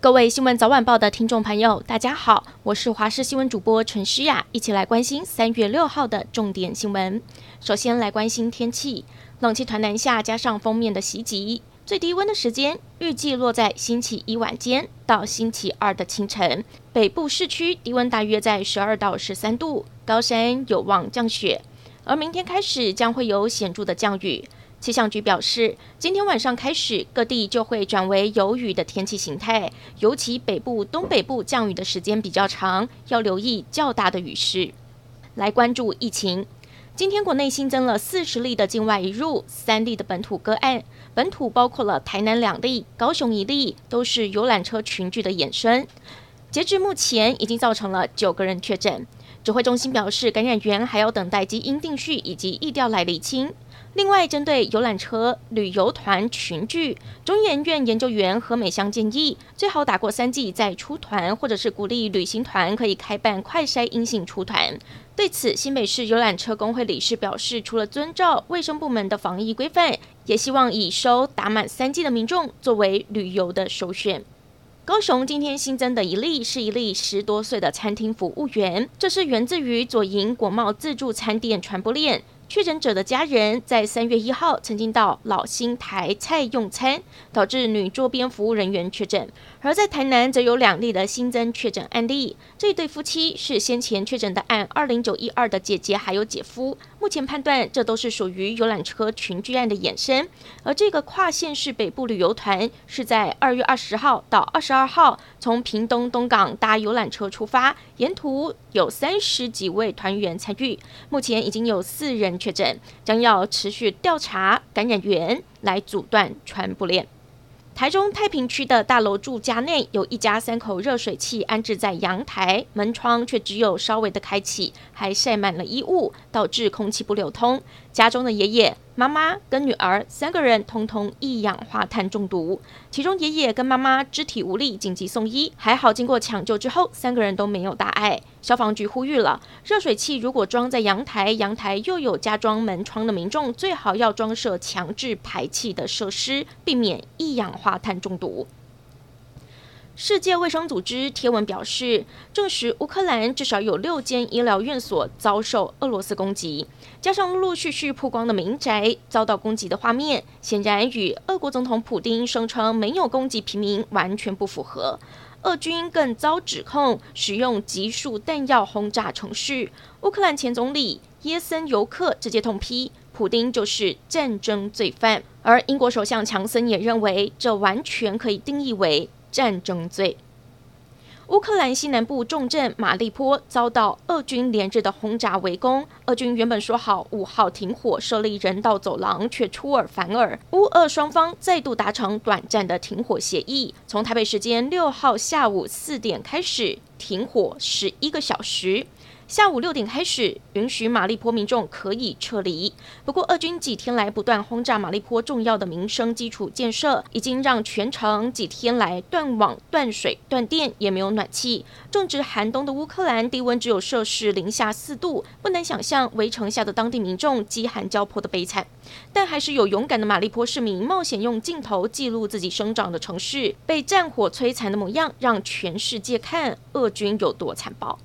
各位新聞早晚報的聽眾朋友，大家好，我是華視新聞主播陳詩雅，一起來關心三月六號的重點新聞。首先來關心天氣，冷氣團南下加上鋒面的襲擊，最低溫的時間預計落在星期一晚間到星期二的清晨。北部市區低溫大約在十二到十三度，高山有望降雪，而明天開始將會有顯著的降雨。氣象局表示，今天晚上開始，各地就會轉為有雨的天氣形態，尤其北部、東北部降雨的時間比較長，要留意較大的雨勢。來關注疫情，今天國內新增了四十例的境外移入，三例的本土個案，本土包括了台南兩例、高雄一例，都是遊覽車群聚的衍生。截至目前，已經造成了九個人確診。指揮中心表示，感染源還要等待基因定序以及疫調來釐清。另外，針對遊覽車、旅游團群聚，中研院研究員何美鄉建議，最好打過三劑再出團，或者是鼓勵旅行團可以開辦快篩陰性出團。對此，新北市遊覽車工會理事表示，除了遵照衛生部門的防疫規範，也希望以收打滿三劑的民眾作為旅遊的首選。高雄今天新增的一例是一例十多歲的餐廳服務員，這是源自於左營國貿自助餐店傳播鏈。確診者的家人在三月一號曾經到老新台菜用餐，導致女桌邊服務人員確診。而在台南則有兩例的新增確診案例。這對夫妻是先前確診的案二零九一二的姐姐還有姐夫。目前判斷這都是屬於遊覽車群聚案的衍生。而這個跨縣市北部旅游團是在二月二十號到二十二號，從屏東東港搭遊覽車出發，沿途有三十幾位團員參與。目前已經有四人。確診，將要持續調查感染源，來阻斷傳播鏈。台中太平區的大樓住家內有一家三口，熱水器安置在陽台，門窗卻只有稍微的開啟，還曬滿了衣物，導致空氣不流通。家中的爺爺。媽媽跟女兒三個人通通一氧化碳中毒，其中爺爺跟媽媽肢體無力，緊急送醫，還好經過搶救之後，三個人都沒有大礙。消防局呼籲了，熱水器如果裝在陽台，陽台又有加裝門窗的民眾，最好要裝設強制排氣的設施，避免一氧化碳中毒。世界衛生組織貼文表示，證實烏克蘭至少有六間醫療院所遭受俄羅斯攻擊，加上陸陸續續曝光的民宅遭到攻擊的畫面，顯然與俄國總統普丁聲稱沒有攻擊平民完全不符合。俄軍更遭指控使用集束彈藥轟炸城市。烏克蘭前總理耶森尤克直接痛批，普丁就是戰爭罪犯。而英國首相強森也認為，這完全可以定義為。戰爭罪。烏克蘭西南部重鎮馬利坡遭到俄軍連日的轟炸圍攻。俄軍原本說好五號停火設立人道走廊，卻出爾反爾。烏俄雙方再度達成短暫的停火協議，從台北時間六號下午四點開始停火十一個小時。下午六點開始，允許馬利坡民眾可以撤離。不過，俄軍幾天來不斷轟炸馬利坡重要的民生基礎建設，已經讓全城幾天來斷網、斷水、斷電，也沒有暖氣。正值寒冬的烏克蘭，低溫只有攝氏零下四度，不難想象圍城下的當地民眾飢寒交迫的悲慘。但還是有勇敢的馬利坡市民冒險用鏡頭記錄自己生長的城市被戰火摧殘的模樣，讓全世界看俄軍有多殘暴。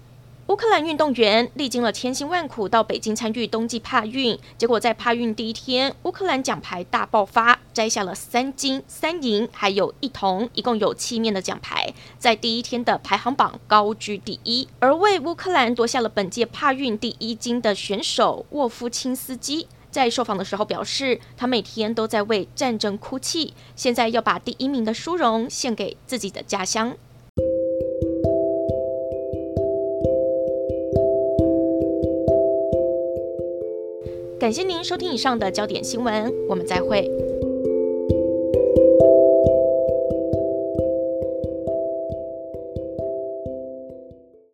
烏克蘭運動員歷經了千辛萬苦到北京參與冬季帕運，結果在帕運第一天，烏克蘭獎牌大爆發，摘下了三金三銀還有一銅，一共有七面的獎牌，在第一天的排行榜高居第一。而為烏克蘭奪下了本屆帕運第一金的選手沃夫欽斯基，在受訪的時候表示，他每天都在為戰爭哭泣，現在要把第一名的殊榮獻給自己的家鄉。感謝您收聽以上的焦點新聞，我們再會。